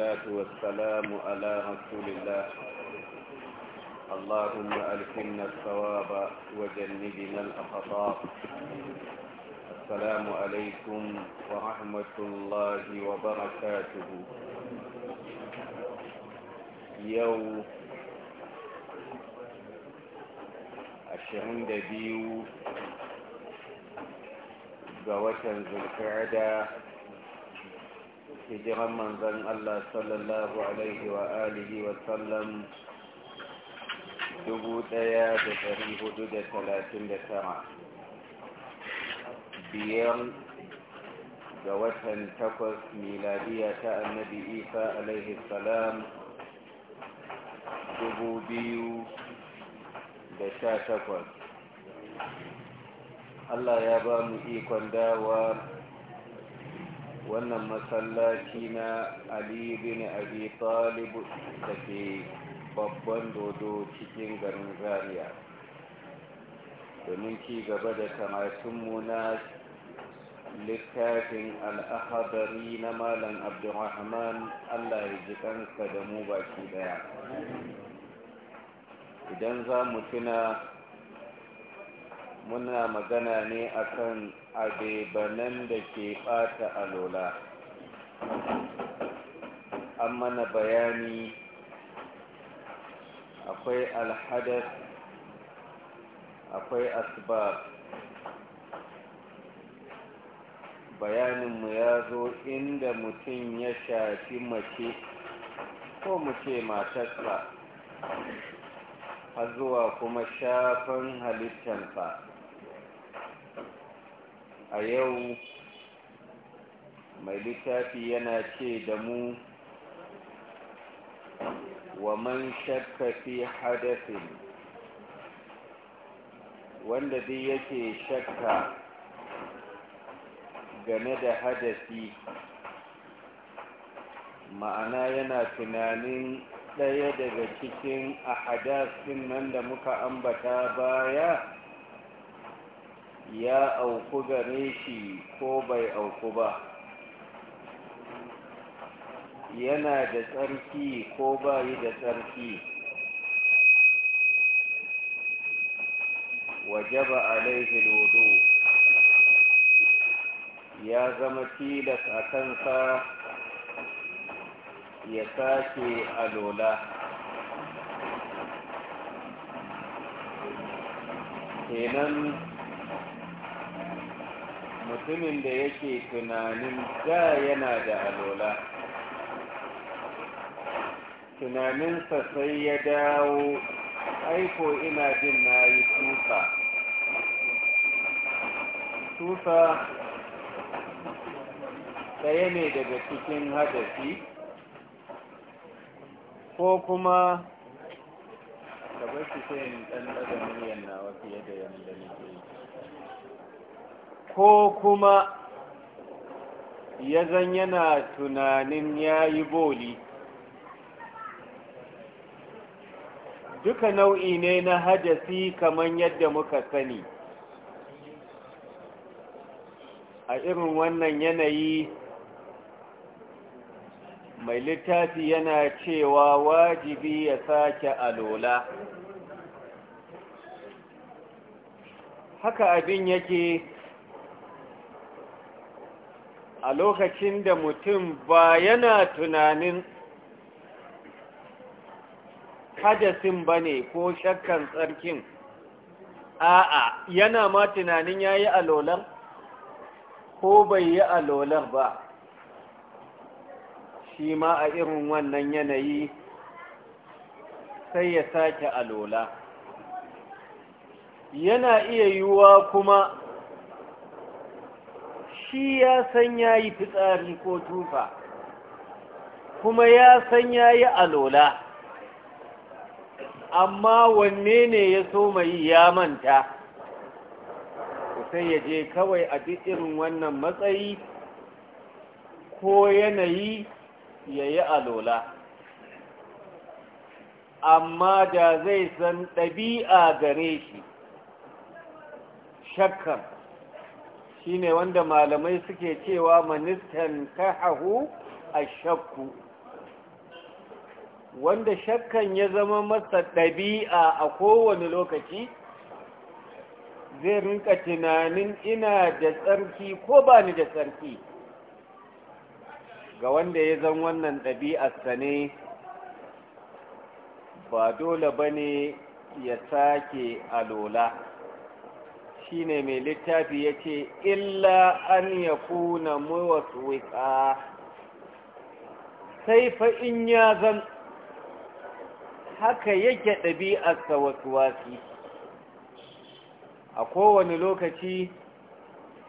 والصلاة والسلام على رسول الله اللهم ألفنا الثواب وجنبنا الأخطاء السلام عليكم ورحمة الله وبركاته يوم عشرين da biyu ذو القعده hijiran manzan Allah sallallahu Alaihi wa alihi wa sallam 1439 Biyan ga watan takwas miladiya ta annabi isa alaihi salam 2018 Allah ya ba mu ikon dawa wannan masallaci na ali bin abi talib da ke babban dodo cikin garin zaria domin ci gaba da mu na littafin al'ahadari na malam abdulrahman allah ya ji kansa da mu baki daya idan za mu tuna muna magana ne akan abebanan da ke ɓata alola an mana bayani akwai alhadar, akwai asbab bayaninmu ya zo inda mutum ya shafi mace ko muke matasa, matarsa har zuwa kuma shafin halittar fa. a yau mai littafi yana ce da mu wa man shakka fi hadafin wanda dai yake shakka game da hadafi ma'ana yana tunanin ɗaya daga cikin ahadasin nan da muka ambata baya ya auku gare shi ko bai auku ba yana da tsarki ko bayi da tsarki wajaba alaihi lodo ya zama tilas a kansa ya sake lola. kenan mutumin da yake tunanin da yana da alola tunaninsa sai ya dawo aiko ina jin na yi tusa tusa ɗaya ne daga cikin hadafi ko kuma ka bar shi sai ɗan ɗaga miliyan nawa fiye da yadda nake yi ko kuma ya zan yana tunanin ya yi boli duka nau'i ne na hadasi kamar yadda muka sani a irin wannan yanayi mai littafi yana cewa wajibi ya sake alola haka abin yake a lokacin da mutum ba yana tunanin hadasin ba ne ko shakkan tsarkin a'a yana ma tunanin ya yi alolar ko bai yi alolar ba shi ma a irin wannan yanayi sai ya sake alola yana iya yiwuwa kuma shi ya san ya yi fitsari ko tufa kuma ya san ya yi alola amma wanne ne ya so mai ya manta sai ya je kawai a duk irin wannan matsayi ko yanayi ya yi alola amma da zai san ɗabi'a gare shi shakkan shine wanda malamai suke cewa manistan kahahu a shakku wanda shakkan ya zama masa ɗabi'a a kowane lokaci zai rinka tunanin ina da tsarki ko ba ni da tsarki ga wanda ya zama wannan ɗabi'arsa ne ba dole ba ne ya sake alola ne mai littafi ya ce illa an ya kuna wika sai fa in ya zan haka yake ɗabi'arsa wasu wasi a kowane lokaci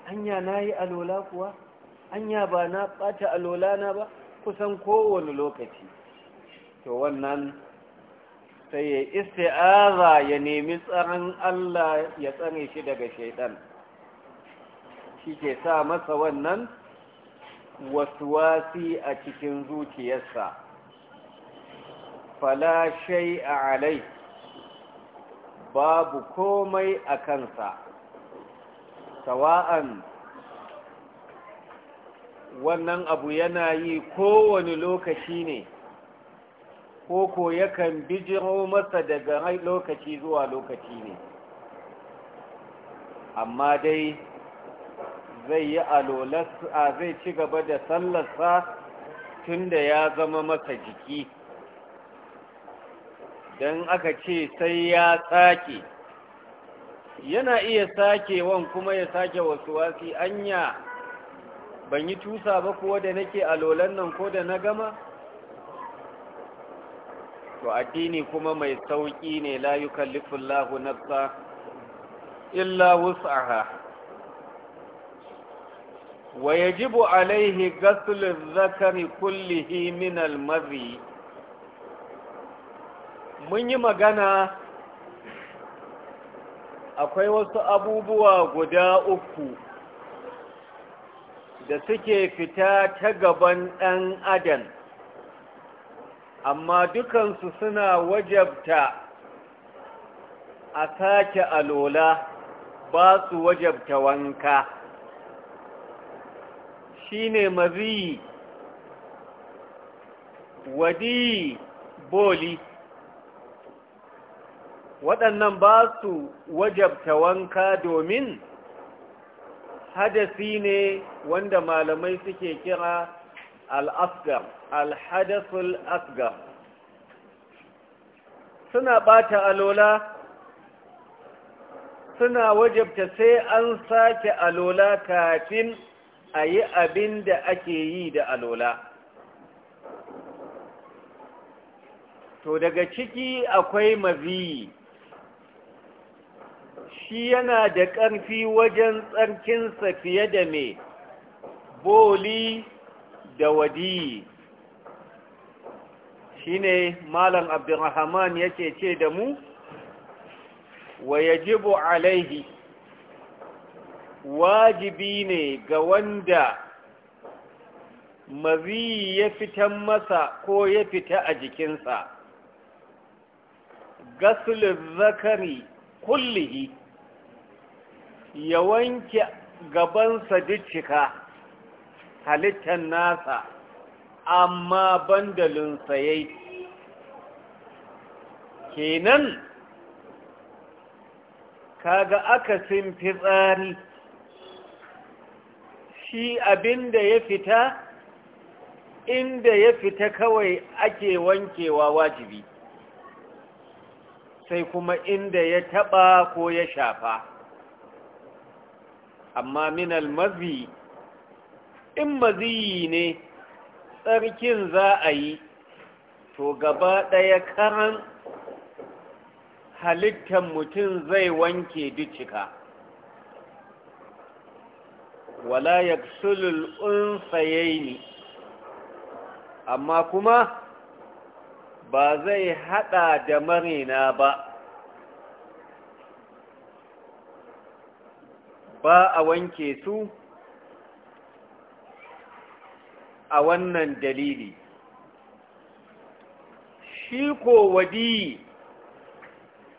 anya na yi alola kuwa anya ba na ɓata alola na ba kusan kowane lokaci to wannan sai ya isti'aza ya nemi tsaron Allah ya tsare shi daga shaidan shi ke sa masa wannan wasuwasi a cikin zuciyarsa fala shai a alai babu komai a kansa sawa'an wannan abu yana yi kowane lokaci ne ko yakan bijiro masa daga lokaci zuwa lokaci ne amma dai zai yi alolarsa zai ci gaba da sallarsa tun da ya zama masa jiki don aka ce sai ya sake yana iya sake sakewan kuma ya sake wasu wasi anya ban yi tusa ba kuwa da nake alolan nan ko da na gama to addini kuma mai sauƙi ne la yukallifullahu nafsa illa wus'aha wa yajibu alaihi ghaslu adh-dhakari kullihi min al-madhi mun yi magana akwai wasu abubuwa guda uku da suke fita ta gaban ɗan adam amma dukansu suna wajabta a sake alola ba su wajabta wanka Shi ne mazi wadi boli waɗannan ba su wajabta wanka domin hadasi ne wanda malamai suke kira al'asgar alhadasul asgar suna bata alola suna wajabta sai an sake alola kafin a yi abin da ake yi da alola to daga ciki akwai maziyi shi yana da ƙarfi wajen tsarkinsa fiye da mai boli da wadi ne malam abdurrahman yake ce da mu wa yajibu alaihi wajibi ne ga wanda mazi ya fitan masa ko ya fita a jikinsa gasulun zakari kullihi ya wanke gabansa duk cika. halittar nasa amma bandalin sayai kenan kaga akasin tsari. shi abinda ya fita inda ya fita kawai ake wankewa wajibi sai kuma inda ya taba ko ya shafa amma minal mazi in maziyi ne tsarkin za a yi to gaba ɗaya karan halittar mutum zai wanke dukka wala ya sulul sayayi amma kuma ba zai haɗa da marina ba ba a wanke su a wannan dalili shi ko wadi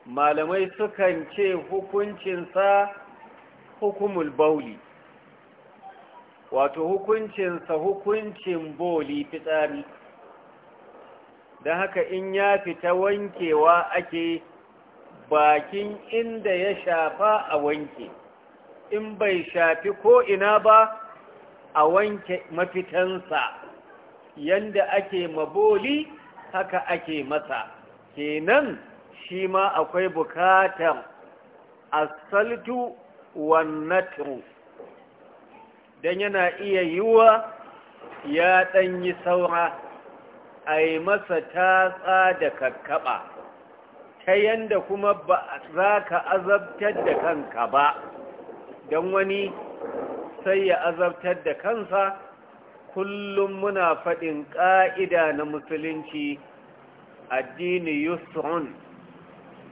malamai sukan ce hukuncinsa hukumul bauli wato hukuncinsa hukuncin boli fitsari Da haka in ya fita wankewa ake bakin inda ya shafa a wanke in bai shafi ko ina ba a wanke mafitansa yanda ake maboli haka ake masa kenan shi ma akwai bukatar asaltu wannatu don yana iya yiwa ya ɗanyi saura a masa tatsa da kakkaɓa ta yanda kuma ba za ka azabtar da kanka ba don wani sai ya azabtar da kansa kullum muna faɗin ƙa'ida na musulunci addini yusrun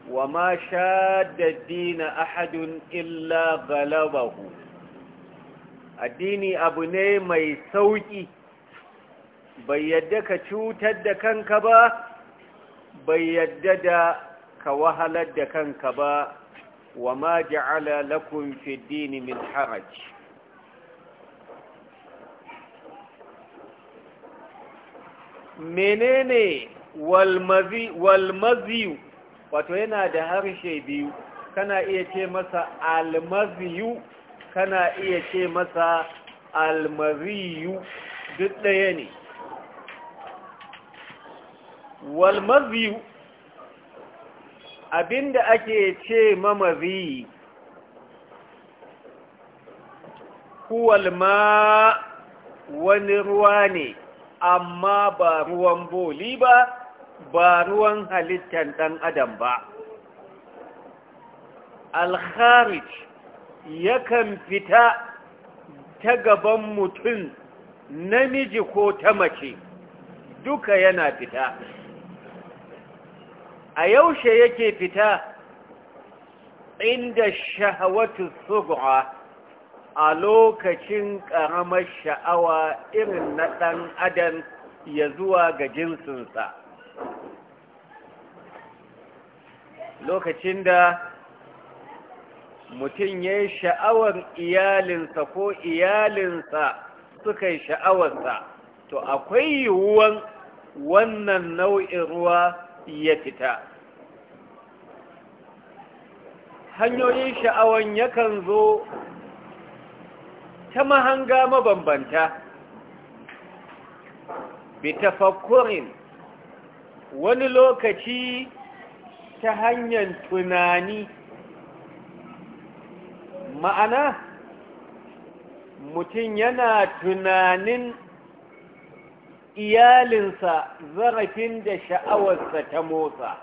wa ma shadda dina ahadun illa galabahu addini abu ne mai sauƙi bai yadda ka cutar da kanka ba bai yadda da ka wahalar da kanka ba wa ma ja'ala lakum fi dini min haraji. menene walmaziyu wato yana da harshe biyu kana iya ce masa almaziyu kana iya ce masa almaziyu duk ɗaya ne walmaziyu abinda ake ce mamazi kuwalma wani ruwa ne amma ba ruwan boli ba ba ruwan halittar ɗan adam ba Alkharij yakan fita ta gaban mutum namiji ko ta mace duka yana fita a yaushe yake fita inda shahawatu tsugwa a lokacin ƙaramar sha'awa irin na ɗan adam ya zuwa ga jinsinsa lokacin da mutum ya yi sha'awar iyalinsa ko iyalinsa suka yi sha'awarsa to akwai yiwuwan wannan nau'in ruwa ya fita hanyoyin sha'awan yakan zo ta mahanga mabambanta bi tafakkurin wani lokaci ta hanyar tunani ma'ana mutum yana tunanin iyalinsa zarafin da sha'awarsa ta motsa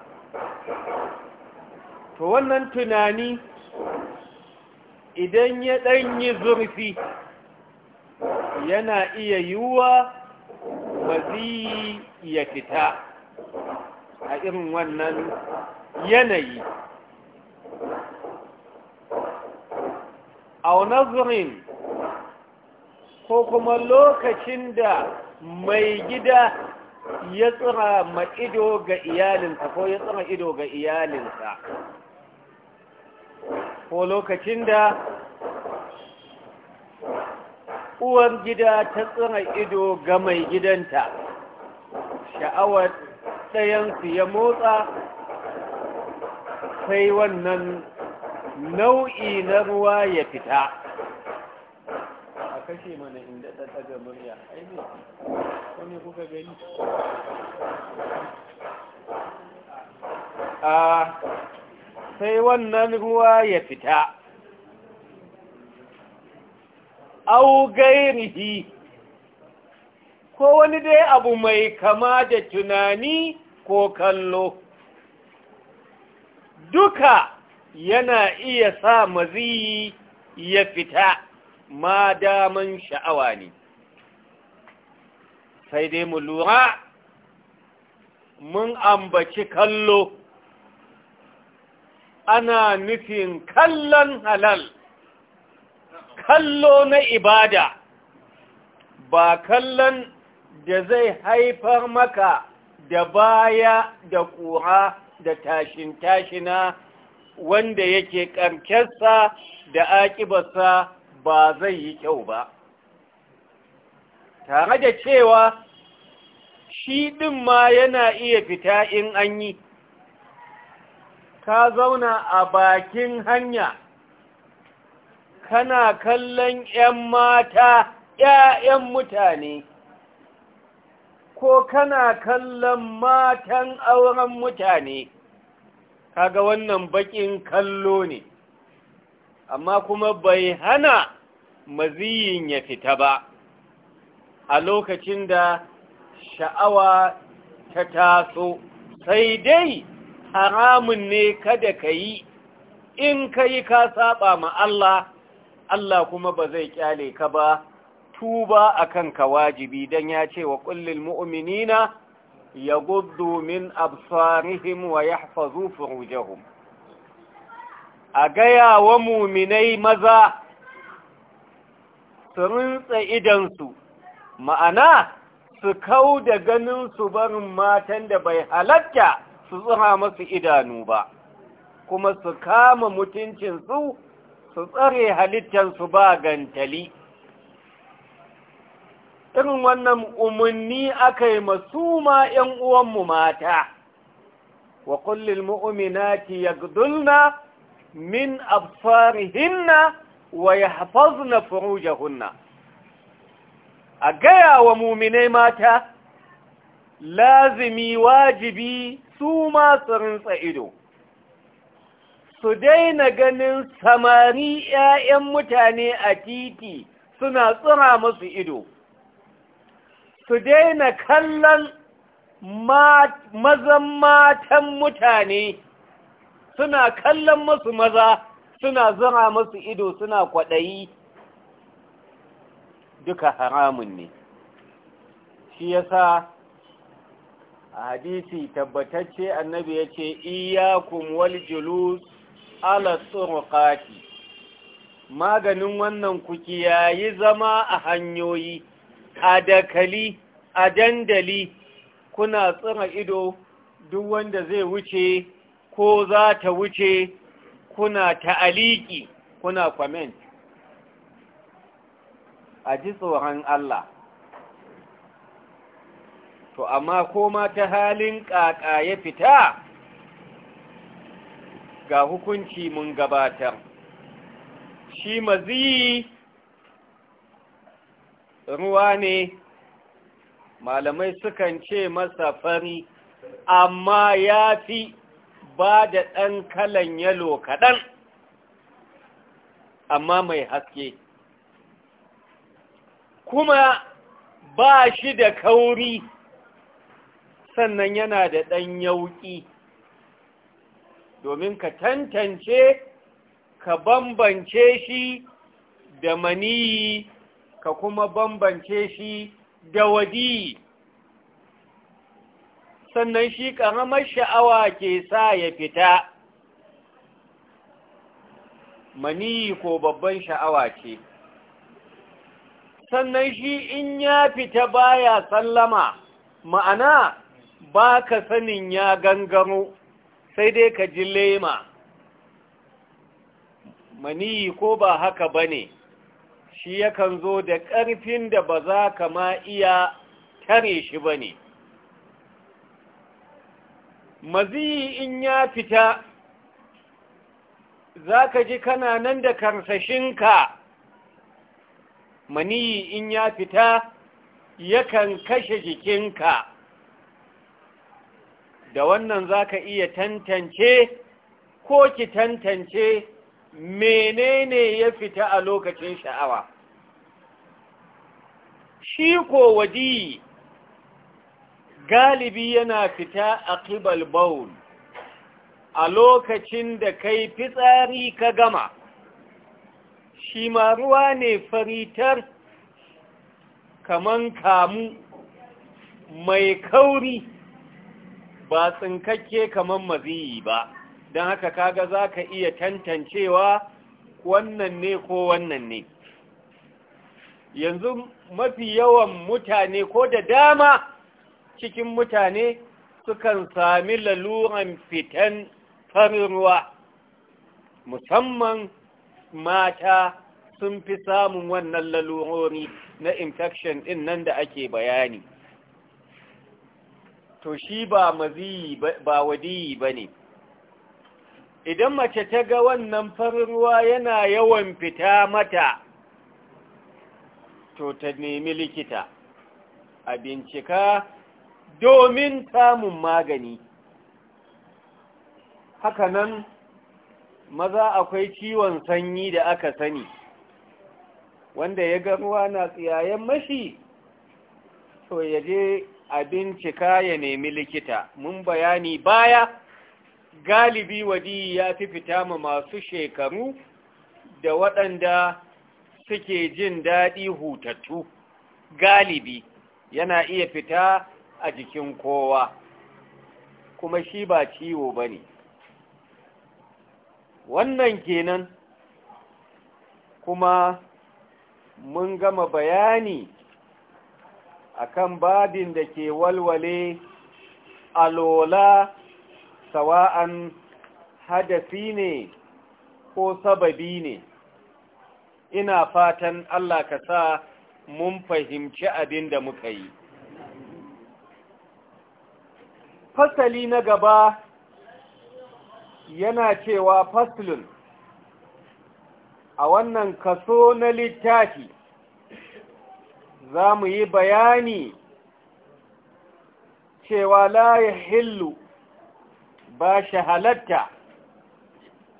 to wannan tunani idan ya ɗanyi zurfi yana iya yiwuwa mazi ya fita a irin wannan yanayi a zurin ko kuma lokacin da mai gida ya tsira ma ido ga iyalinsa ko ya tsira ido ga iyalinsa ko lokacin da uwan gida ta tsira ido ga mai gidanta sha'awar ɗayansu ya motsa sai wannan nau'i na ruwa ya fita a mana inda ta tsaga murya aini wani kuka gani a ah, sai wannan ruwa ya fita au gairihi ko wani dai abu mai kama da tunani ko kallo duka yana iya sa maziyi ya fita ma daman sha'awa ne sai dai mu lura mun ambaci kallo ana nufin kallon halal kallo na ibada ba kallon da zai haifar maka da baya da ƙura da tashin-tashina wanda yake ƙarƙarsa da aƙibarsa ba zai yi kyau ba tare da cewa shi ɗin ma yana iya fita in an yi ka zauna a bakin hanya kana kallon 'yan mata 'ya'yan mutane ko kana kallon matan auren mutane kaga wannan bakin kallo ne amma kuma bai hana maziyin ya fita ba a lokacin da sha'awa ta taso sai dai haramun ne kada ka yi in ka yi ka saba ma Allah Allah kuma ba zai kyale ka ba tuba akan ka wajibi don ya ce wa mu’uminina mu'minina yaghuddu min absarihim wa zufin furujahum a gaya wa muminai maza su rintsa idansu ma'ana su kau da ganin su barin matan da bai halatta su tsira masu idanu ba kuma su kama mutuncinsu su tsare halittarsu ba gantali irin wannan umarni aka yi masu ma ‘yan uwanmu mata wa kullum mu'uminati ya gudulna min abfarihinna wa ya hafazna furujahunna a gaya wa muminai mata Lazumi wajibi su masu rinsa ido su daina ganin samari 'ya'yan mutane a titi suna tsira musu ido su daina kallon mazan matan mutane suna kallon musu maza suna zira musu ido suna kwaɗayi duka haramun ne shi yasa a hadisi tabbatacce annabi ya ce iyakun wal julus ala tsurqati maganin wannan kuki ya yi zama a hanyoyi a dakali a dandali kuna tsira ido duk wanda zai wuce ko za ta wuce kuna ta'aliki kuna kwament? a ji tsoron Allah to amma koma ta halin ƙaƙa ya fita ga hukunci mun gabatar shi mazi ruwa ne malamai sukan ce masa fari amma ya fi ba da ɗan kalan yalo kaɗan amma mai haske kuma ba shi da kauri sannan yana da ɗan yauƙi domin ka tantance ka bambance shi da maniyi ka kuma bambance shi da wadiyi sannan shi ƙaramar sha'awa ke sa ya fita maniyi ko babban sha'awa ce sannan shi in ya fita baya sallama ma'ana ba ka sanin ya gangaro sai dai ka ji lema maniyi ko ba haka ba ne shi yakan zo da ƙarfin da ba za ka ma iya tare shi ba ne maziyi in ya fita za ka ji kana nan da karsashinka maniyi in ya fita yakan kashe jikinka da wannan za ka iya tantance ko ki tantance menene ya fita a lokacin sha'awa shi ko wadi galibi yana fita a kibal baul a lokacin da kai fitsari ka gama shi ma ruwa ne faritar kaman kamu mai kauri ba tsinkakke kamar maziyi ba don haka kaga za ka iya tantancewa wannan ne ko wannan ne yanzu mafi yawan mutane ko da dama cikin mutane sukan sami laluran fitan farin ruwa musamman mata sun fi samun wannan lalurori na infection din nan da ake bayani to shi ba maziyi ba wadiyi ba ne idan mace ta ga wannan farin ruwa yana yawan fita mata to ta nemi likita a bincika domin samun magani Haka nan, maza akwai ciwon sanyi da aka sani wanda ya ga ruwa na tsiyayen mashi to ya je a bincika ya nemi likita mun bayani baya galibi wadi ya fi fita ma masu shekaru da waɗanda suke jin daɗi hutattu galibi yana iya fita a jikin kowa kuma shi ba ciwo ba ne wannan kenan kuma mun gama bayani akan badin da ke walwale alola sawa'an hadafi ne ko sababi ne ina fatan Allah ka sa mun fahimci abin da muka yi fasali na gaba yana cewa faslun a wannan kaso na littafi za mu yi bayani cewa la ya hillu ba shi halatta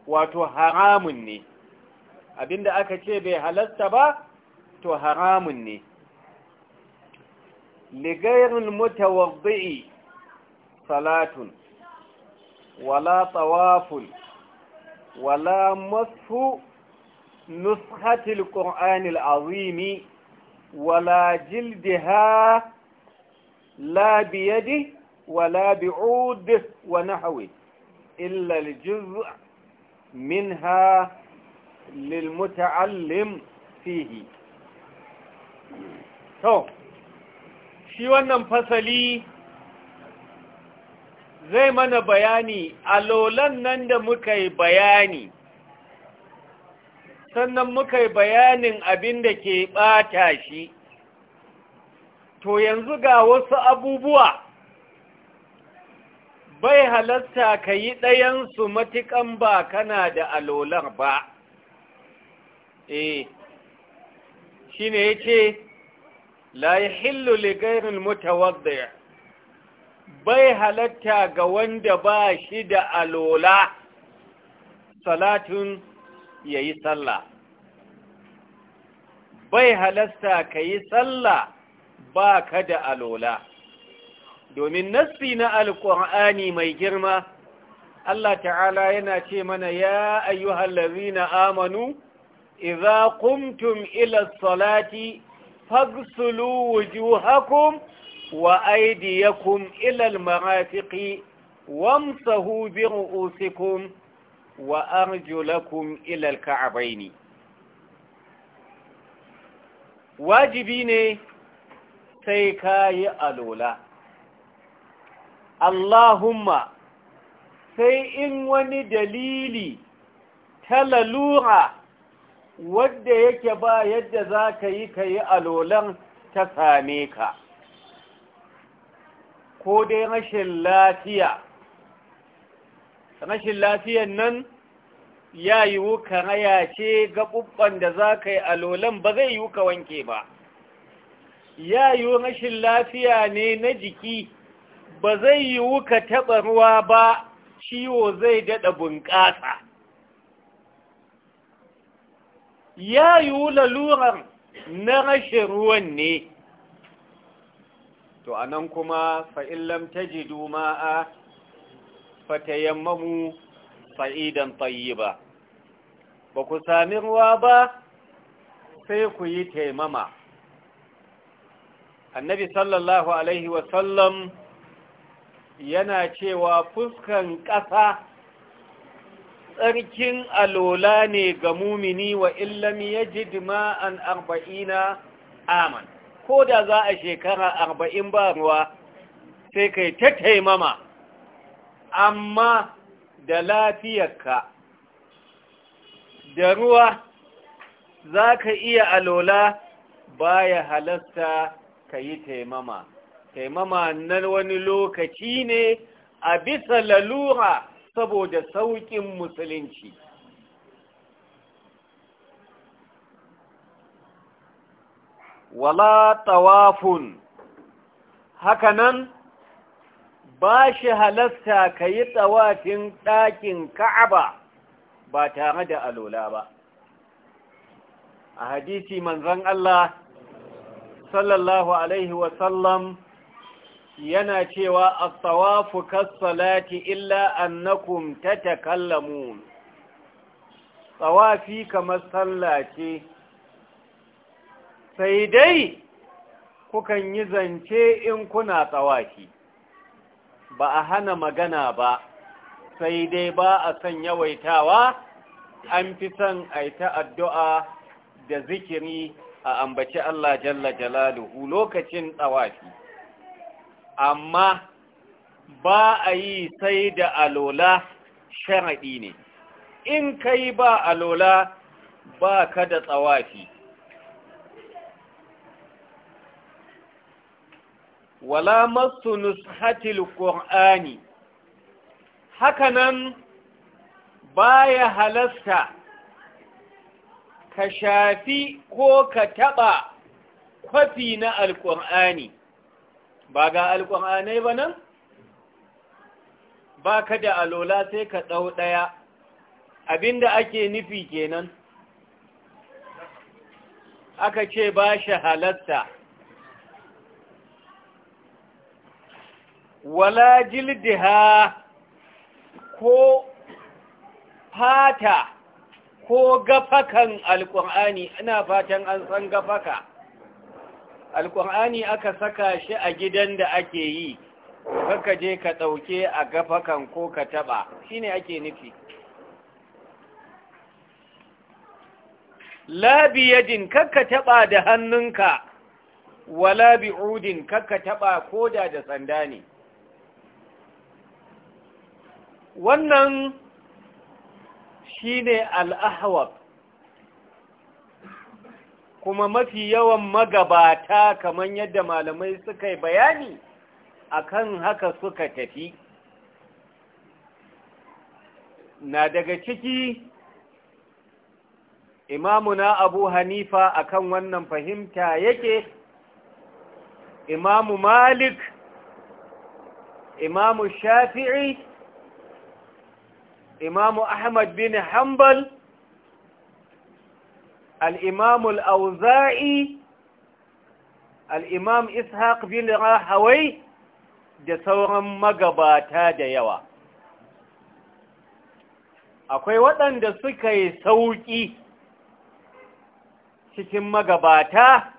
wato haramun ne abinda aka ce bai halatta ba to haramun ne ligairin mutawabbi salatun wala tsawafun wala masu nushatil ƙor'anil azimi wala jildiha la biyadi wala bi'ud wa nahwi illa al-juz' minha lil muta'allim fihi to shi wannan fasali zai mana bayani alolan nan da muka yi bayani sannan muka yi bayanin abin da ke ɓata shi to yanzu ga wasu abubuwa bai halatta ka yi ɗayansu matuƙan ba kana da alolar ba e shi ne ya ce la yi hillu bai halatta ga wanda ba shi da alola salatun ya yi sallah bai halasta ka yi sallah ba ka da alola domin nassi na alƙur'ani mai girma Allah ta'ala yana ce mana ya ayyuhallazi na amanu idza qumtum ila salati fagsulu wujuhakum wa aydiyakum ila marafiƙi wamsahu bi ru'usikum wa arjulakum ila alka'abaini wajibi ne sai ka yi alola Allahumma sai in wani dalili ta lalura wadda yake ba yadda za ka yi ka yi alolan ta same ka ko dai rashin lafiya rashin lafiyan nan ya yiwu ka raya ce ga gaɓuɓɓan da za ka yi alolan ba zai yi wuka wanke ba ya yiwu rashin lafiya ne na jiki ba zai yi wuka taɓa ruwa ba ciwo zai daɗa bunƙasa ya wula lalurar na rashin ruwan ne to anan kuma fa'in ji duma a fatayammamu sa'idan tayyiba ba ku sami ruwa ba sai ku yi taimama annabi sallallahu alaihi wasallam yana cewa fuskan ƙasa tsarkin alola ne ga mumini wa illam ji dima'an arba'ina aman ko da za a shekara arba'in ba ruwa sai kai ta taimama amma da lafiyarka da ruwa za ka iya alola baya halasta ka yi taimama taimama na wani lokaci ne a bisa lalura saboda sauƙin musulunci wala tawafun Haka nan. ba shi halasta ka yi tsawafin ɗakin ka'aba ba tare da alola ba a hadisi manzan Allah sallallahu Alaihi wasallam yana cewa a tsawafu kassalati illa annakum ta takallamun tsawafi kamar sallace sai dai kukan yi zance in kuna tsawafi ba a hana magana ba sai dai ba a son yawaitawa an fi son a yi ta addu'a da zikiri a ambaci Allah jalla jalaluhu lokacin tsawafi amma ba a yi sai da alola sharaɗi ne in kai ba alola ba ka da tsawafi wala masu nushatil qur'ani hakanan baya halasta ka shafi ko ka taɓa kwafi na alƙur'ani ba ga alƙur'anai ba nan ba ka da alola sai ka ɗau ɗaya abinda ake nufi kenan aka ce ba shi halasta. wala jildiha ko fata ko gafakan alƙur'ani Ana fatan an san gafaka alƙur'ani aka saka shi a gidan da ake yi kaka je ka ɗauke a gafakan ko ka taɓa ne ake nufi labi yadin taɓa da hannunka wala bi'udin kakka taɓa koda da sanda ne wannan shine al'ahawar kuma mafi yawan magabata kamar yadda malamai suka yi bayani akan haka suka tafi na daga ciki imamuna abu hanifa akan wannan fahimta yake imamu malik imamu shafi'i imamu ahmad bin hanbal al'imamu al'auza'i al'imam ishaq bin rahawai da sauran magabata da yawa akwai waɗanda suka yi sauƙi cikin magabata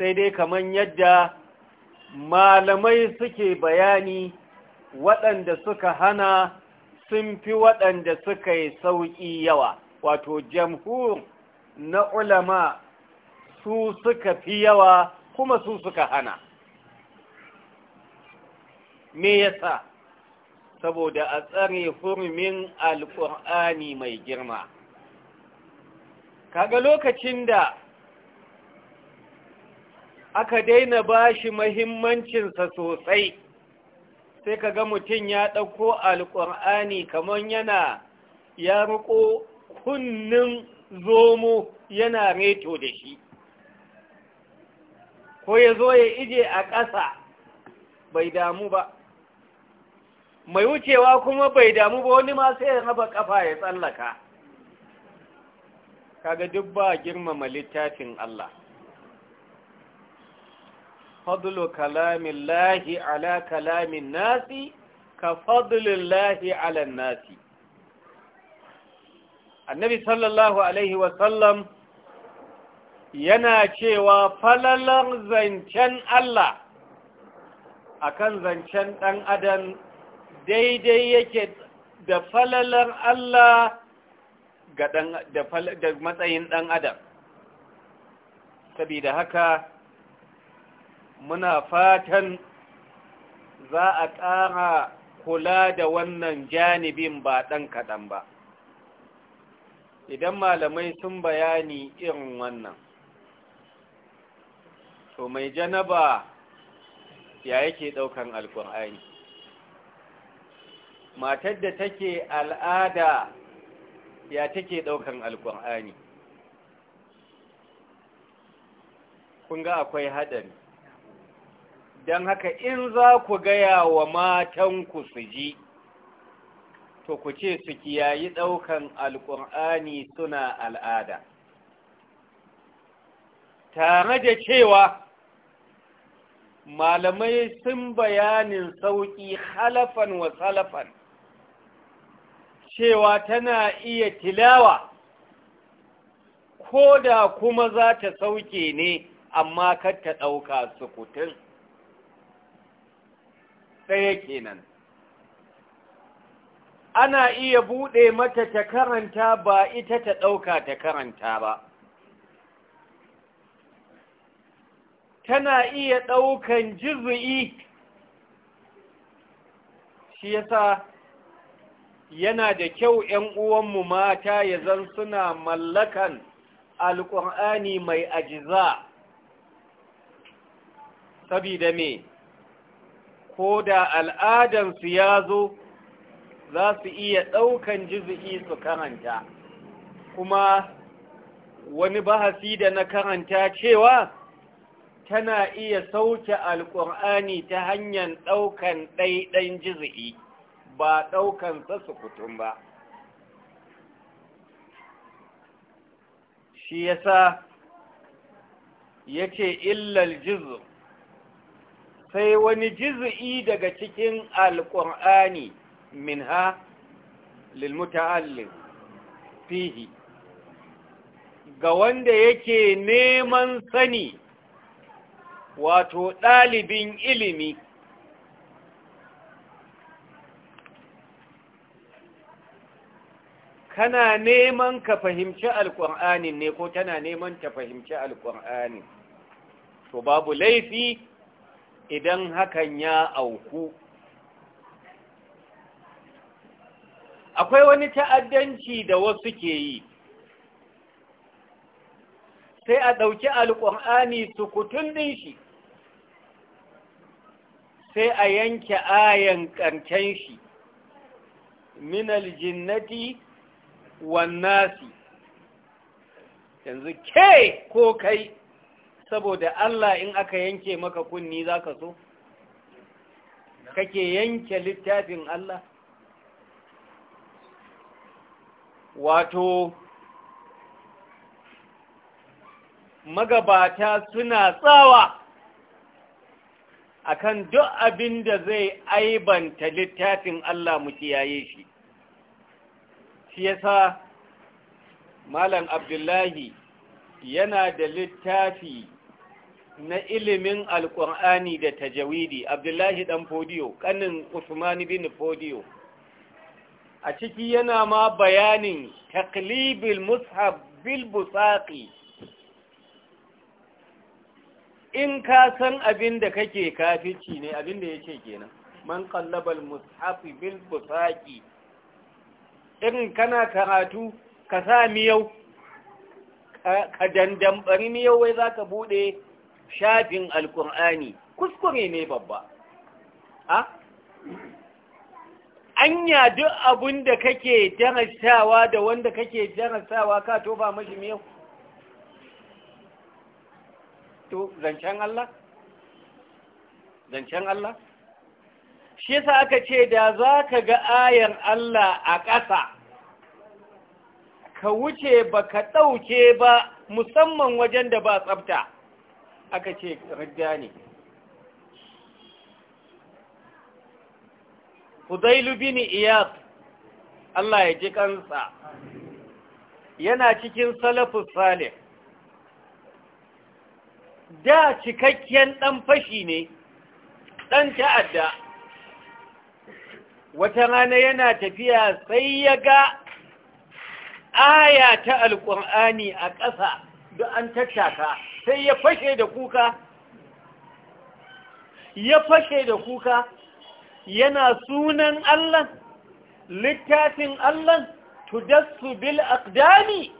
sai dai kamar yadda malamai suke bayani waɗanda suka hana sun fi waɗanda suka yi sauƙi yawa wato jamhur na ulama su suka fi yawa kuma su suka hana me yasa saboda a tsare hurumin alƙur'ani mai girma kaga lokacin da aka daina bashi mahimmancinsa sosai sai ka ga mutum ya ɗauko alƙur'ani kamar yana ya riko kunnin zomo yana reto da shi ko ya zo ya ije a ƙasa bai damu ba mai wucewa kuma bai damu ba wani ma sai ya raba ƙafa ya tsallaka kaga duk ba girmama littafin Allah fadlu kalamin lahi ala kalamin nasi ka fadlin lahi nasi annabi sallallahu alaihi wasallam yana cewa falalar zancen Allah akan zancen ɗan adam daidai yake da falalar Allah ga da matsayin ɗan adam saboda haka muna fatan za a ƙara kula da wannan janibin ba ɗan kaɗan ba idan malamai sun bayani irin wannan to mai janaba ya yake ɗaukan Alƙur'ani, matar da take al'ada ya take ɗaukan alkur'ani kun ga akwai haɗari don haka in za ku gaya wa matanku su ji to ku ce su kiyayi ɗaukan alƙur'ani suna al'ada tare da cewa malamai sun bayanin sauƙi halafan wa salafan cewa tana iya tilawa ko da kuma za ta sauke ne amma kar ta ɗauka sukutun ɗaya kenan ana iya buɗe mata ta karanta ba ita ta ɗauka ta karanta ba tana iya ɗaukan jirgi shi yasa yana da kyau ‘yan uwanmu mata ya zan suna mallakan alƙur'ani mai ajiza sabida me ko da al'adansu ya zo za su iya ɗaukan jizi'i su karanta kuma wani bahasi da na karanta cewa tana iya sauke alƙur'ani ta hanyar ɗaukan ɗaiɗan jizi'i ba ɗaukan su kutum ba shi yasa ya ce illal jizu sai wani jizu'i daga cikin Alƙur'ani min ha lilmuta'allin fihi ga wanda yake neman sani wato ɗalibin ilimi kana neman ka fahimci alƙur'anin ne ko tana neman ta fahimci alƙur'anin to babu laifi idan hakan ya auku akwai wani ta'addanci da wasu ke yi sai a ɗauki su kutun ɗin shi sai a yanke ayan ƙarshen shi min aljinnati wan nasi yanzu ke ko kai saboda Allah in aka yanke maka kunni za ka so kake yanke littafin Allah wato magabata suna tsawa akan duk abin da zai aibanta littafin Allah mu kiyaye shi shi yasa malam abdullahi yana da littafi na ilimin alƙur'ani da tajawidi abdullahi dan fodiyo kanin usman bin fodiyo a ciki yana ma bayanin taklibil mushaf bil busaqi in ka san abin da kake kafici ne abin da yake kenan man qallabal mushaf bil busaqi in kana karatu ka sa miyau ka dandambari miyau wai zaka bude shafin alkur'ani kuskure ne babba a anya duk abun da kake darasawa da wanda kake darasawa ka tofa mashi miyau to zancen Allah zancen Allah shi yasa aka ce da za ka ga ayar Allah a ƙasa ka wuce ba ka ɗauke ba musamman wajen da ba tsabta aka ce ridda ne Fudailu bin Iyad Allah ya ji kansa yana cikin salafus salih da cikakken ɗan fashi ne ɗan ta'adda wata rana yana tafiya sai ya ga aya ta alƙur'ani a ƙasa da an tattaka sai ya fashe da kuka ya fashe da kuka yana sunan Allah littafin Allah dasu bil aqdami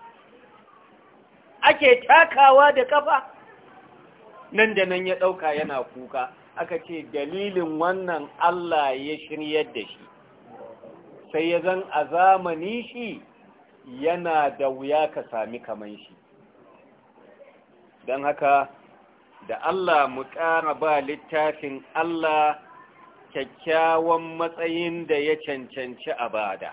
ake takawa da kafa nan da nan ya dauka yana kuka aka ce dalilin wannan Allah ya shiryar da shi sai ya zan a zamani shi yana da wuya ka sami kaman shi don haka da Allah mu ƙara ba littafin Allah kyakkyawan matsayin da ya cancanci a bada.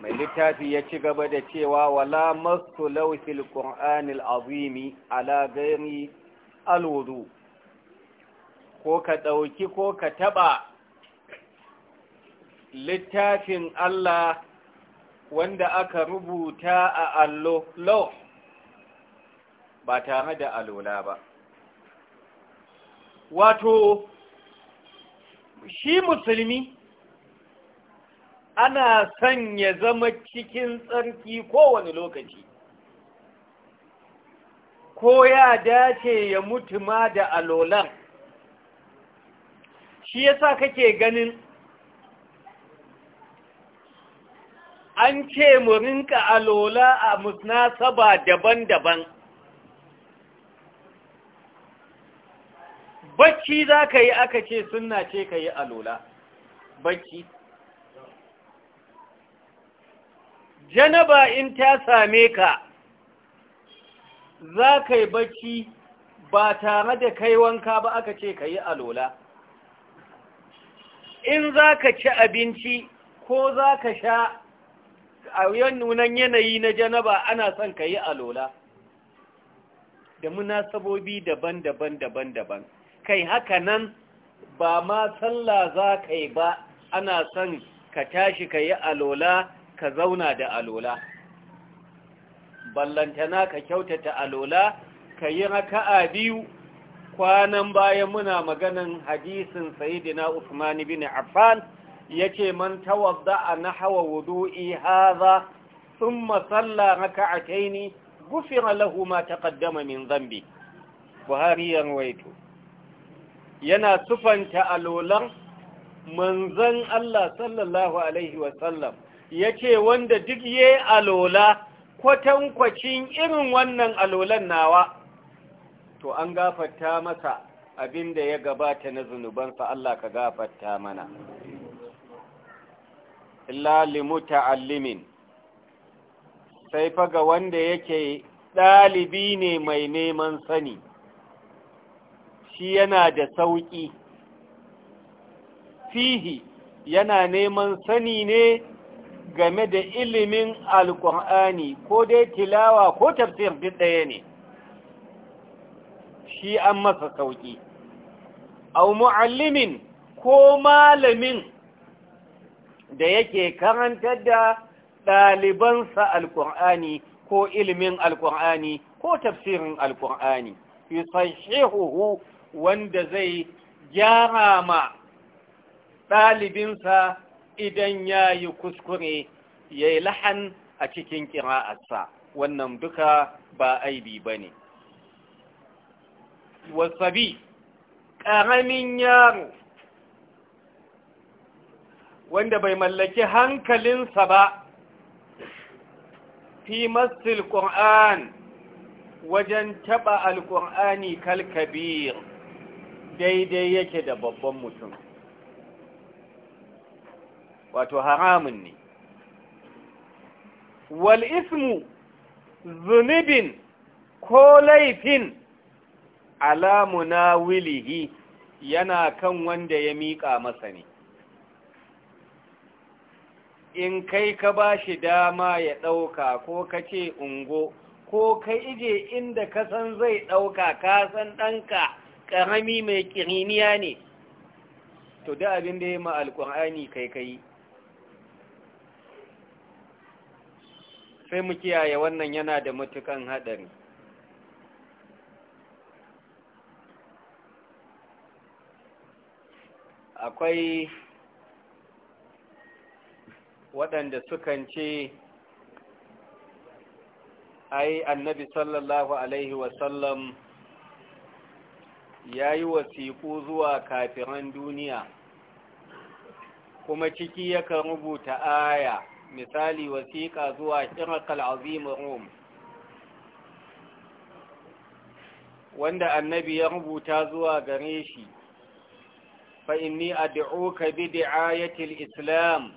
mai littafi ya ci gaba da cewa wala masu lausil ƙur'anil azimi ala gari alwudu ko ka ɗauki ko ka taɓa littafin Allah wanda aka rubuta a allo lo ba tare da alola ba wato shi musulmi ana son ya zama cikin tsarki kowane lokaci ko ya dace ya mutu ma da alolan shi yasa kake ganin an ce mu rinka alola a musnasaba daban-daban bacci za ka yi aka ce suna ce ka yi alola bacci janaba in ta same ka za ka yi bacci ba tare da kai wanka ba aka ce ka yi alola in za ka ci abinci ko za ka sha a nunan yanayi na janaba ana son ka yi alola da munasabobi daban-daban daban-daban kai haka nan ba ma sallah za ka yi ba ana son ka tashi ka yi alola ka zauna da alola ballantana ka kyautata alola ka yi raka'a biyu kwanan bayan muna maganan hadisin sayidina usmani bin Affan yace man na hawa wudu'i hadha thumma salla rak'atayn gufira lahu ma taqaddama min dhanbi Buhari 'yan waitu yana sufanta alolan manzan Allah sallallahu alaihi wa sallam yace wanda duk ya alola kwatankwacin irin wannan alolan nawa to an gafarta masa abinda ya gabata na zunubansa Allah ka gafarta mana illa limuta'allimin sai fa ga wanda yake dalibi ne mai neman sani shi yana da sauƙi fihi yana neman sani ne game da ilimin alƙur'ani ko dai tilawa ko tafsir duk ɗaya ne shi an masa sauƙi au mu'allimin ko malamin da yake karantar da ɗalibansa alƙur'ani ko ilimin alƙur'ani ko tafsirin alƙur'ani yusahihuhu wanda zai gyara ma ɗalibinsa idan ya yi kuskure ya yi lahan a cikin ƙira'arsa wannan duka ba aibi ba ne wasabi ƙaramin yaro wanda bai mallaki hankalinsa ba fi masil ƙur'an wajen taɓa alƙur'ani kalkabir daidai yake da babban mutum wato haramun ne wal ismu zunubin ko laifin alamuna wilihi yana kan wanda ya miƙa masa ne in kai ka ba shi dama ya ɗauka ko ka ce ungo ko ka ije inda ka san zai ɗauka ka san ɗanka ƙarami mai ƙiriniya ne to da abin da ya ma alƙur'ani kai kai sai mu kiyaye wannan yana da matukan haɗari akwai waɗanda sukan ce ai annabi sallallahu alaihi wasallam ya yi wasiƙu zuwa kafiran duniya kuma ciki yakan rubuta aya misali wasiƙa zuwa shirakal azimin rum wanda annabi ya rubuta zuwa gare shi fa inni ka bi di'ayatil islam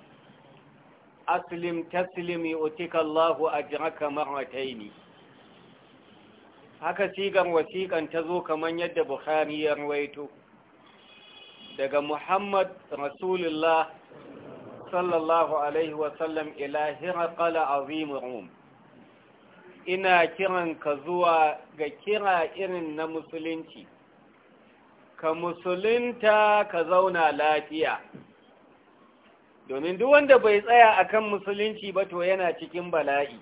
aslim taslimi utika Allahu ajraka marataini haka sigar wasiƙan tazo kaman kamar yadda Bukhari ya rawaito daga Muhammad Rasulullah sallallahu alaihi sallam ila hirqala azim rum ina kiran ka zuwa ga kira irin na musulunci ka musulunta ka zauna lafiya domin duk wanda bai tsaya a kan musulunci ba to yana cikin bala'i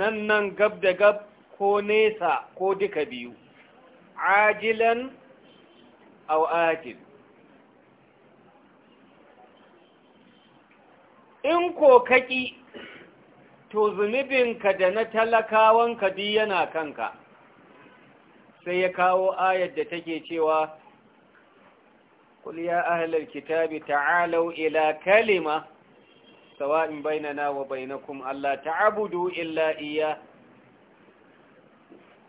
nan nan gab da gab ko nesa ko duka biyu ajilan au ajil in ko kaki to zunubinka da na talakawanka duk yana kanka sai ya kawo ayar da take cewa قل يا أهل الكتاب تعالوا إلى كلمة سواء بيننا وبينكم ألا تعبدوا إلا إياه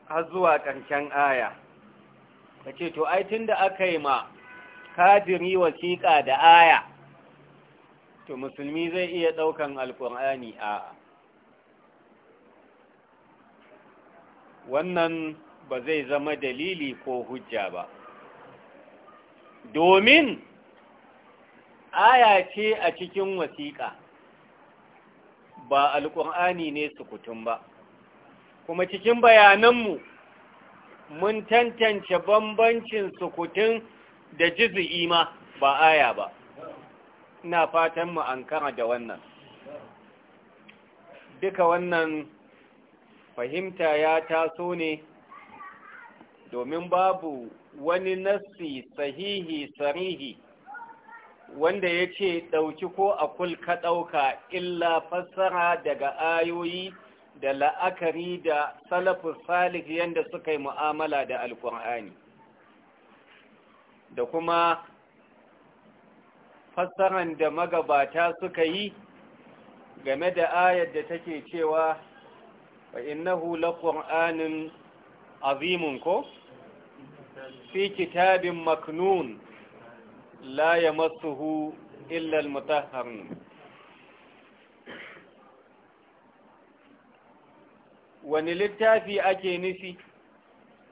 هزوا كان آية فكيتو أي تند أكيما كادري yi ma آية تو مسلمي زي to musulmi zai iya ɗaukan wannan ba zai zama dalili ko hujja ba domin aya ce a cikin wasiƙa ba alƙur'ani ne sukutun ba kuma cikin bayananmu mun tantance bambancin sukutun da jizi'i ma ba aya ba ina fatan mu an da wannan duka wannan fahimta ya taso ne domin babu wani nassi sahihi sarihi wanda ya ce ɗauki ko a ka ɗauka illa fassara daga ayoyi da la'akari da salafin salih yadda suka yi mu'amala da alkur'ani da kuma fassaran da magabata suka yi game da ayar da take cewa fa innahu la qur'anin azimun ko fi kitabin maknun la yamassuhu illal almutahharun wani littafi ake nufi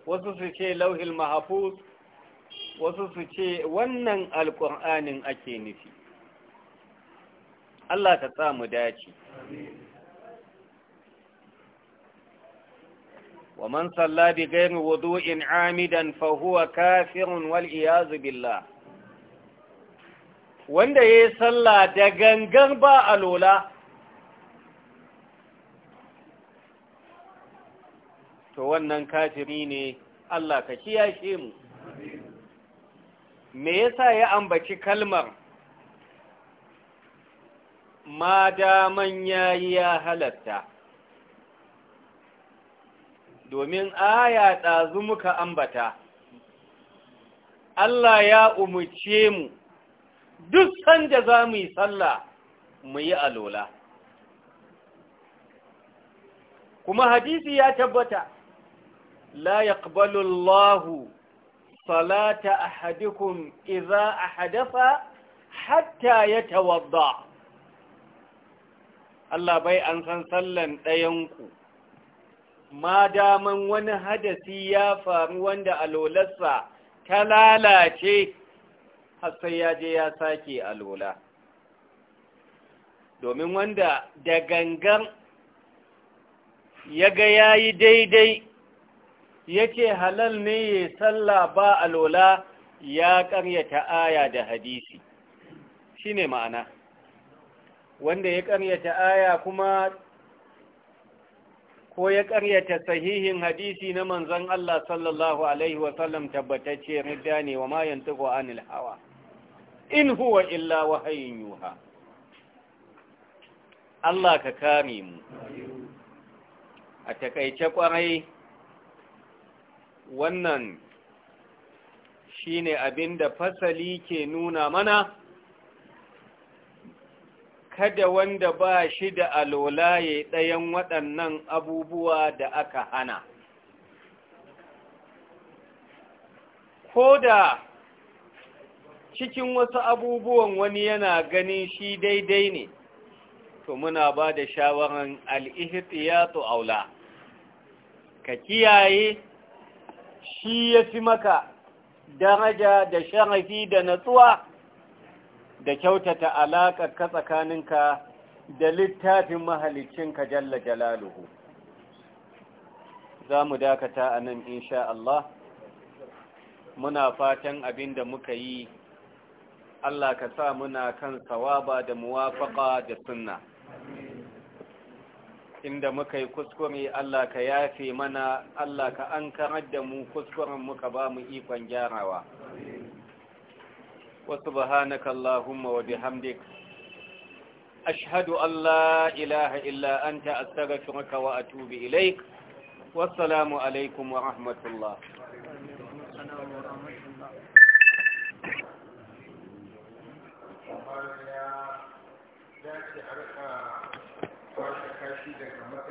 wasu su ce lauhil mahafuz wasu su ce wannan alƙur'anin ake nufi Allah ka mu dace ومن صلى Amidan وضوء عامدا فهو wal والعياذ بالله wanda ya yi sallah da gangan ba a lola to wannan kafiri ne Allah ka kiyashe mu me yasa ya ambaci kalmar ma daman yayi ya halatta domin aya ɗazu muka ambata Allah ya umarce mu duk sanda za mu yi sallah mu yi alola kuma hadisi ya tabbata la yaqbalu Allahu salata ahadikum idza ahadatha hatta yatawadda Allah bai an san sallan ɗayanku ma daman wani hadasi ya faru wanda alolarsa ta lalace hasai ya je ya sake alola domin wanda da gangan ya ga ya yi daidai ya ce halal ne ya salla ba alola ya karyata aya da hadisi shine ma'ana wanda ya karyata aya kuma ko ya ƙaryata sahihin hadisi na manzon Allah sallallahu alaihi wasallam tabbatacce ridda ne wa ma yantiqu anil hawa in huwa illa wahayin yuha Allah ka kare mu a takaice kwarai wannan shine da fasali ke nuna mana kada wanda ba shi da alola ya ɗayan waɗannan abubuwa da aka hana. Ko da cikin wasu abubuwan wani yana ganin shi daidai ne, to muna ba da shawarar al'ihtiyatu aula, ka kiyaye shi ya fi maka daraja da sharafi da natsuwa. da kyautata alaƙar ka tsakaninka da littafin ka jalla jalaluhu za mu dakata a nan insha Allah muna fatan abin da muka yi Allah ka sa muna kan sawaba da muwafaka da sunna inda muka yi kuskure Allah ka yafe mana Allah ka an karar da mu kuskuren muka ba mu ikon gyarawa وسبحانك اللهم وبحمدك أشهد أن لا إله إلا أنت أستغفرك وأتوب إليك والسلام عليكم ورحمة الله Thank you.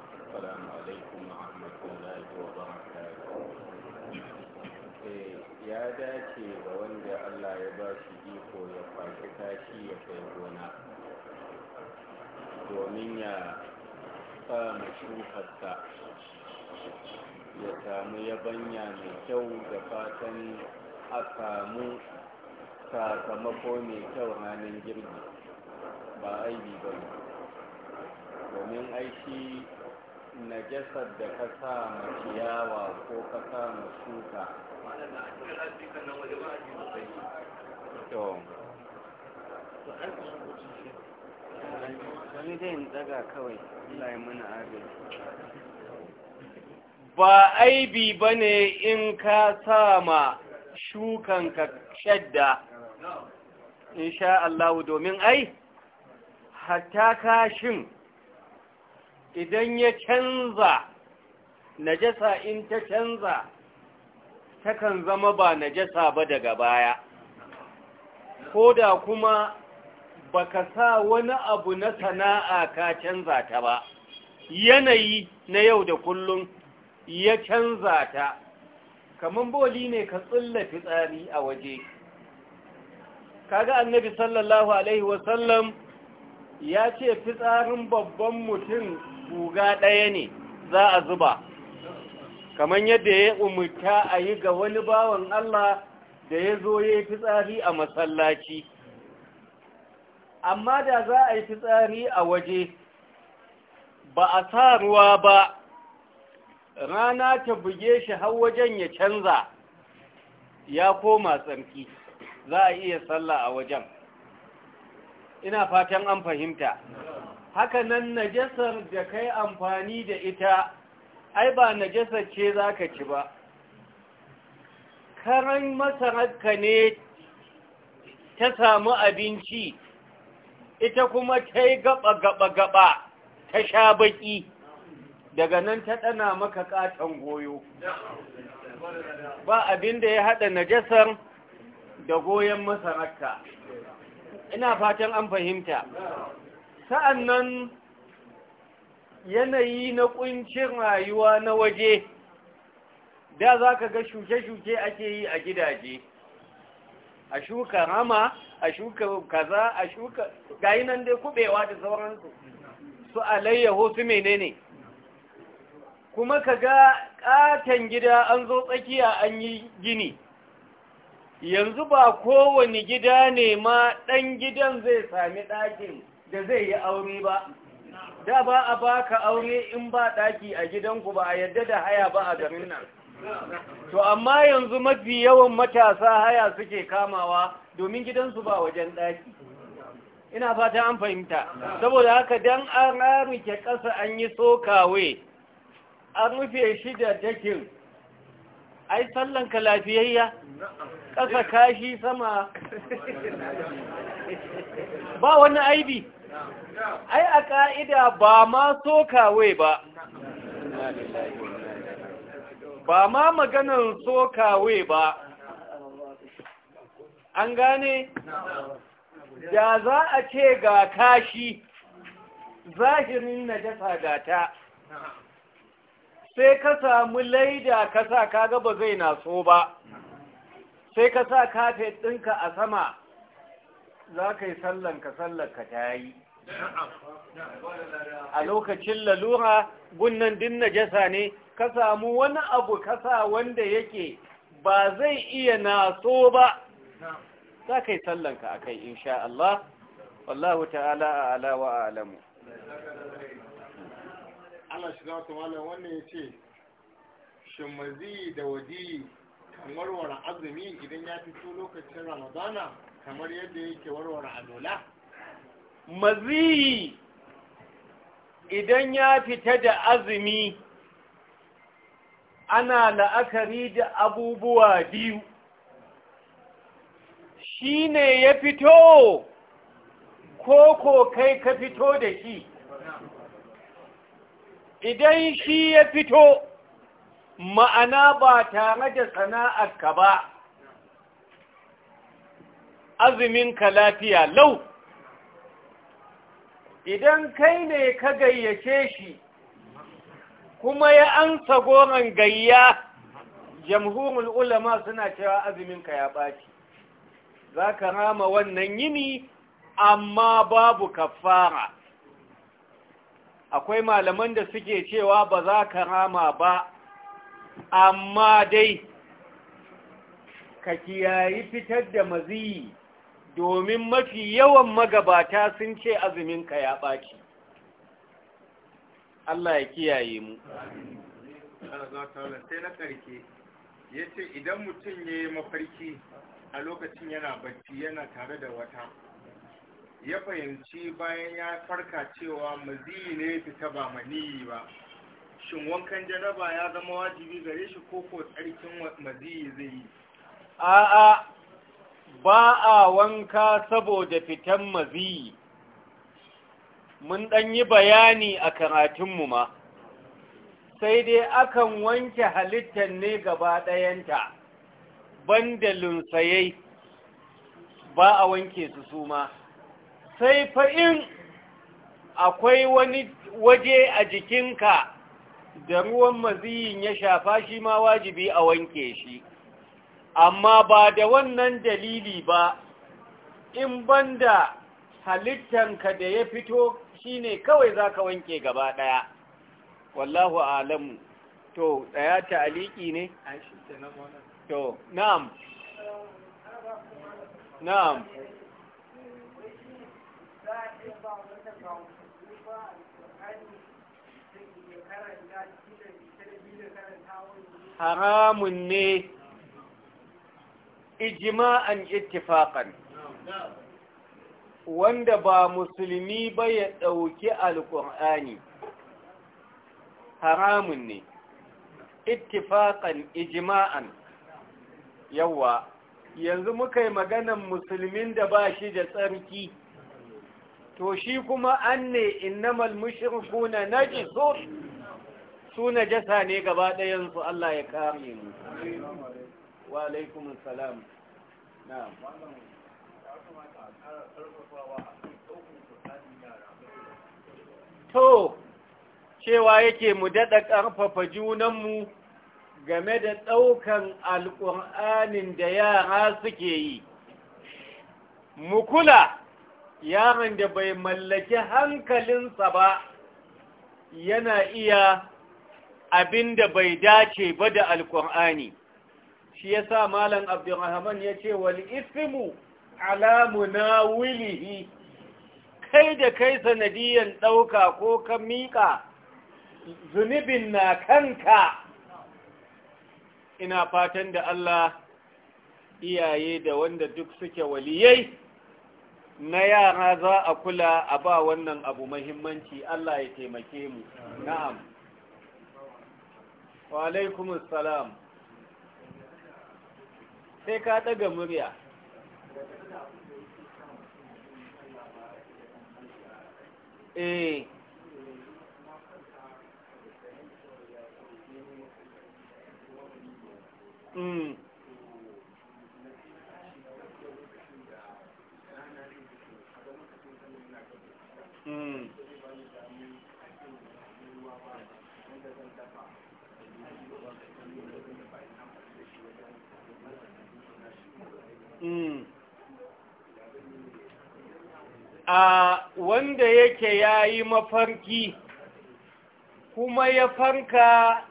السلام عليكم ورحمة الله وبركاته ya dace ga wanda Allah ya ba shi iko ya kwashi kashi ya kai gona domin ya sa mu shukarsa ya samu yabanya mai kyau da fatan a samu sakamako mai kyau ranar girbi ba aibi ba domin aiki najasar da ka sa ma ciyawa ko ka sa ma shuka wani zai daga kawai lai mana ba aibi ba ne in ka sa ma shukanka shadda in sha Allah domin ai hatta kashin idan ya canza najasa in ta canza takan zama ba najasa ba daga baya ko da kuma baka sa wani abu na sana'a ka canza ta ba yanayi na yau da kullum ya canza ta kamar boli ne ka tsilla fitsari a waje kaga annabi sallallahu alaihi wasallam ya ce fitsarin babban mutum guga ɗaya ne za a zuba kamar yadda ya umarta a yi ga wani bawan Allah da ya zo ya yi fitsari a masallaci amma da za a yi fitsari a waje ba a sa ruwa ba rana ta buge shi har wajen ya canza ya koma tsarki za a iya sallah a wajen ina fatan an fahimta haka nan najasar da kai amfani da ita ai ba najasar ce za ka ci ba karan masararka ne ta samu abinci ita kuma ta yi gaba-gaba-gaba ta sha baki daga nan ta ɗana maka ƙaton goyo ba abin da ya haɗa najasar da goyon masararka ina fatan an fahimta sa'annan yanayi na ƙuncin rayuwa na waje da za ka ga shuke-shuke ake yi a gidaje a shuka rama a shuka kaza a shuka gayi nan dai kubewa da sauransu su alayyaho su menene kuma ka ga ƙaton gida an zo tsakiya an yi gini yanzu ba kowane gida ne ma ɗan gidan zai sami ɗakin da zai yi aure ba da ba a baka aure in ba daki a gidanku ba a yadda da haya ba a garin nan to amma yanzu mafi yawan matasa haya suke kamawa domin gidansu ba wajen daki ina fata an fahimta saboda haka dan an rarike ƙasa an yi sokawe an rufe shi da dakin ai ka lafiyayya ƙasa kashi sama ba wani aibi ai a ƙa'ida ba ma so kawai ba ba ma maganar kawai ba an gane da za a ce ga kashi zahirin najasa jasa ta sai ka samu laida ka sa kaga ba zai na so ba sai ka sa kafet ɗinka a sama za ka yi sallanka sallanka ta yi a lokacin lalura gunnan din najasa ne ka samu wani abu kasa wanda yake ba zai iya naso ba za ka yi sallanka a kai insha Allah wallahu ta'ala a alawa a alamu Allah shi zama malam wannan ya ce shimazi da wadi kan warware azumi idan ya fito lokacin ramadana kamar yadda yake warware alola maziyi idan ya fita da azumi ana la'akari da abubuwa biyu shi ne ya fito ko ko kai ka fito da shi idan shi ya fito ma'ana ba tare da ka ba Azumin azuminka lafiya lau idan kai ne ka gayyace shi kuma ya ansa goron gayya jamhurul ulama suna cewa ka ya ɓaci za ka rama wannan yini amma babu kafara akwai malaman da suke cewa ba za ka rama ba amma dai ka kiyayi fitar da maziyi domin mafi yawan magabata sun ce azuminka ya ɓaci Allah ya kiyaye mu sai na ƙarke ya ce idan mutum ya yi mafarki a lokacin yana bacci yana tare da wata ya fahimci bayan ya farka cewa maziyi ne fita ba maniyi ba shin wankan jaraba ya zama wajibi gare shi ko ko tsarkin maziyi zai yi a'a ba a wanka saboda fitan maziyi mun ɗan yi bayani a karatunmu ma sai dai akan wanke halittar ne gaba ɗayanta banda lunsayai ba a wanke su suma sai fa'in akwai wani waje a jikinka da ruwan maziyin ya shafa shi ma wajibi a wanke shi amma ba da wannan dalili ba in banda halittanka da ya fito shine kawai za ka wanke gaba daya wallahu alamu to daya ta aliki ne to na'am na'am haramun ne ijima'an ittifaqan wanda ba musulmi ba ya ɗauki alƙur'ani haramun ne ittifaqan ijima'an yawa yanzu muka yi maganan musulmin da ba shi da tsarki to shi kuma an ne innamal na najisun su najasa ne gaba ɗayansu Allah ya kare mu wa alaikum salam to cewa yake mu daɗa ƙarfafa junanmu game da ɗaukan alƙur'anin da yara suke yi mu kula yaron da bai mallaki hankalinsa ba yana iya abin da bai dace ba da alƙur'ani shi ya sa malam abdurrahman ya ce wal isimu alamu na wilihi kai da kai sanadiyan ɗauka ko ka miƙa zunubin na kanka ina fatan da Allah iyaye da wanda duk suke waliyai na yara za a kula a ba wannan abu mahimmanci Allah ya taimake mu na'am wa alaikumus salam sai ka ɗaga murya eh mm mm Mm. a wanda yake ya yi mafarki kuma ya farka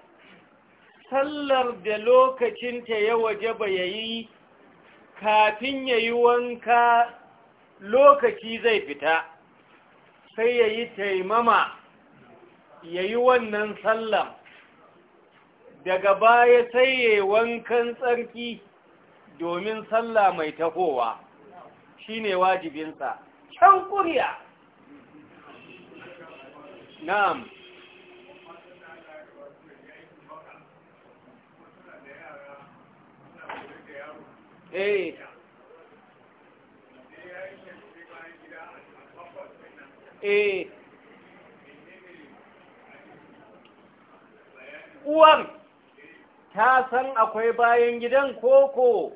sallar da lokacinta ya waje ba ya yi kafin ya yi wanka lokaci zai fita sai ya yi taimama ya yi wannan sallar daga baya sai ya yi wankan tsarki domin sallah mai tahowa shine wajibinsa can kuriya na'am eh eh uwan ta san akwai bayan gidan koko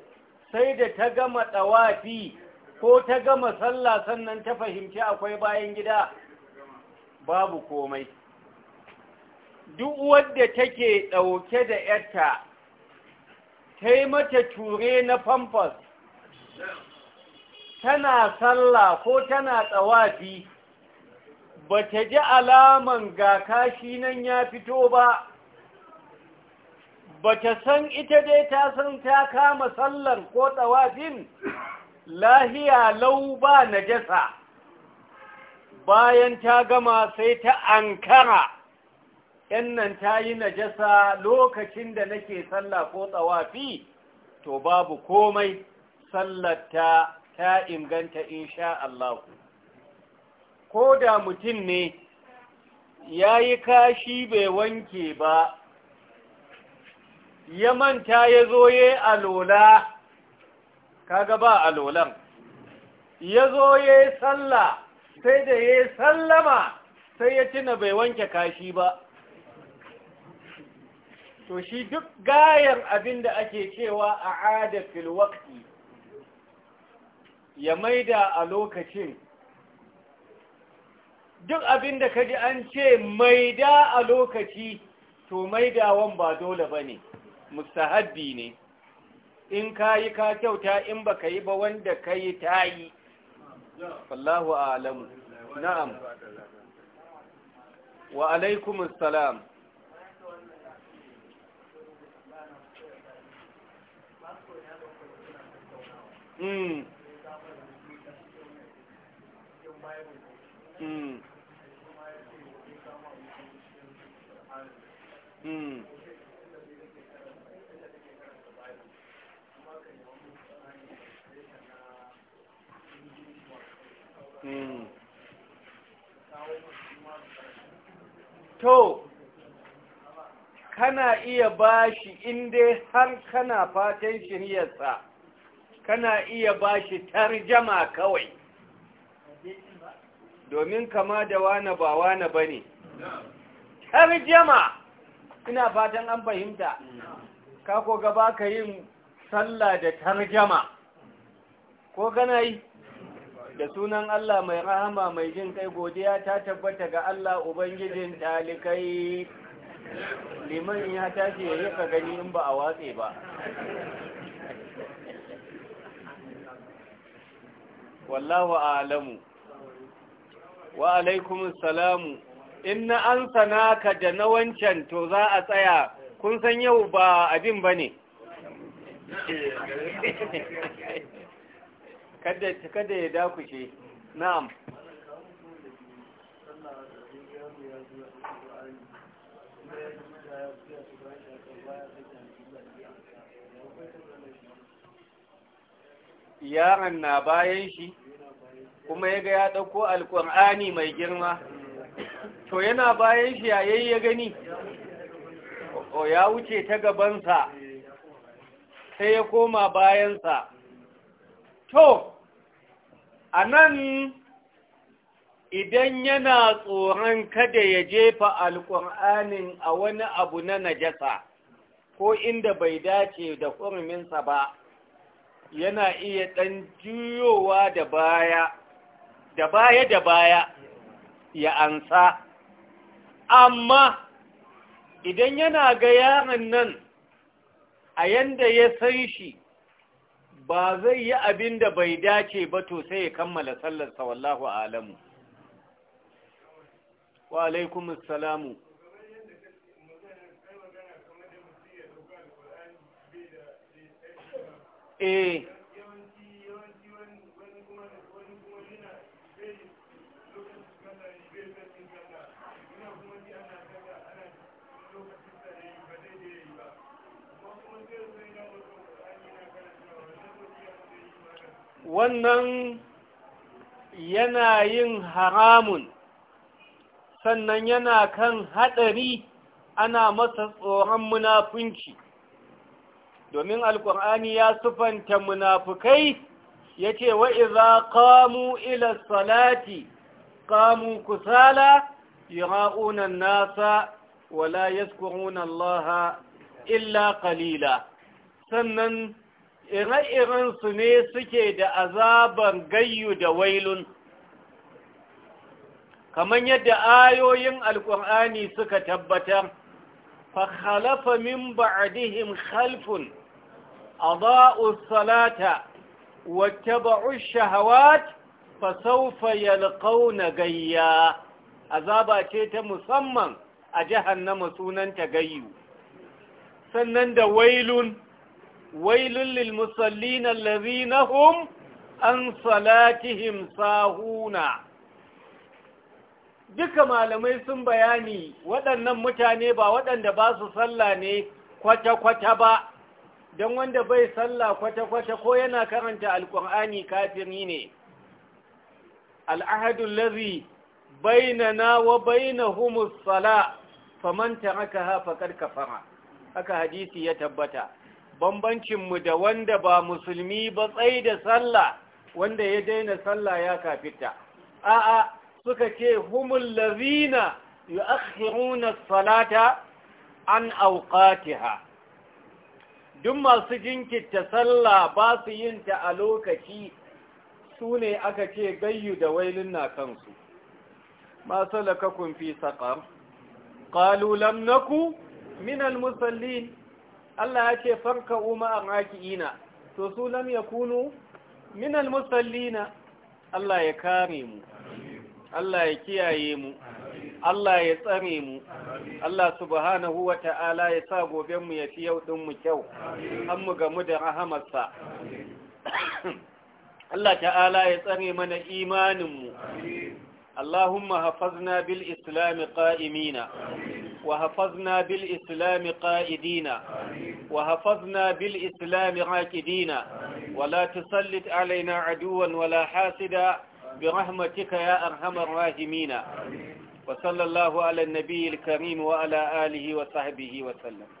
sai da ta gama ɗawafi ko ta gama sallah sannan ta fahimci akwai bayan gida babu komai duk wadda take ɗauke da ‘yarta ta yi mata ture na famfas tana sallah ko tana tsawafi ba ta ji alaman ga kashi nan ya fito ba ba ta san ita dai ta san ta kama sallar ko tsawafin lahiya lau ba na jasa bayan ta gama sai ta ankara ‘yan nan ta yi na jasa lokacin da nake sallah ko tsawafi to babu komai sallarta ta inganta sha Allah ko da mutum ne ya yi kashi bai wanke ba ya manta ya zo ya alola kaga ba alolan ya zo ya yi salla sai da ya yi sallama sai ya tuna bai wanke kashi ba to shi duk gayar abin da ake cewa a adafin waƙi ya maida a lokacin duk abin da kaji an ce maida a lokaci to maidawan ba dole ba ne mustahabbi ne in ka yi ka kyauta in ba ka yi ba wanda ka yi ta yi wallahu alamu na'am wa alaikum salam Mm. Mm. Mm. to kana iya bashi inda har kana fatan shiryarsa kana iya bashi tarjama kawai domin kama da wane ba wane ba ne tarjama ina fatan an fahimta kako gaba ka yin sallah da tarjama ko kana yi da sunan Allah mai rahama mai jin kai godiya ta tabbata ga Allah Ubangijin talikai liman ya tashi ya ka gani in ba a watse ba wallahu alamu wa alaikum in na an ka da na wancan to za a tsaya kun san yau ba abin ba ne kada ya dakushe na'am yaron na bayan shi kuma ya ga ya ɗauko alƙur'ani mai girma to yana bayan shi yayin ya gani o ya wuce ta gabansa sai ya koma bayansa to a nan idan yana tsoron kada ya jefa alƙur'anin a wani abu na najasa ko inda bai dace da huruminsa ba yana iya ɗan juyowa da baya da baya da baya ya ansa amma idan yana ga yaron nan a yanda ya san shi ba zai yi abin da bai dace ba to sai ya kammala sallarsa wallahu alamu wa alaikum salamu eh wannan yana yin haramun sannan yana kan haɗari ana masa tsoron munafunci domin alkur'ani ya sufanta munafukai ya ce wa iza kamu ila salati kamu kusala yira'unan nasa wala yaskuruna Allah illa kalila sannan ire-irensu ne suke da azaban gayyu da wailun kamar yadda ayoyin alkur'ani suka tabbatar fakhalafa min ba'dihim khalfun adaa'u salata taba'u shahawat sawfa yalqawna gayya azaba ce ta musamman a jahannama sunanta gayyu sannan da wailun Wai lil musalli allazina hum an salatihim sahuna duka malamai sun bayani waɗannan mutane ba waɗanda ba su sallah ne kwata-kwata ba don wanda bai sallah kwata-kwata ko yana karanta alkur'ani kafiri ne al'ahadun lazi bainana wa humus sala faman aka ha kafara haka hadisi ya tabbata bambancinmu da wanda ba musulmi ba tsaye da sallah wanda ya daina sallah ya kafita a'a suka ce humul lazina yu'akhiruna salata an awqatiha duk masu jinkirta sallah ba su yin ta a lokaci su ne aka ce gayyu da wailin na kansu ma salaka kun fi saƙar. qalu naku Minal musallin Allah ya ce farka uma an raki'ina to su lam yakunu min al-musallina Allah ya kare mu Allah ya kiyaye mu Allah ya tsare mu Allah subhanahu wa ta'ala ya sa goben mu ya fi yau din mu kyau an mu gamu da rahamarsa Allah ta'ala ya tsare mana imanin mu Allahumma hafazna bil islami qa'imina وحفظنا بالإسلام قائدين وحفظنا بالإسلام راكدين ولا تسلط علينا عدوا ولا حاسدا برحمتك يا أرحم الراحمين وصلى الله على النبي الكريم وعلى آله وصحبه وسلم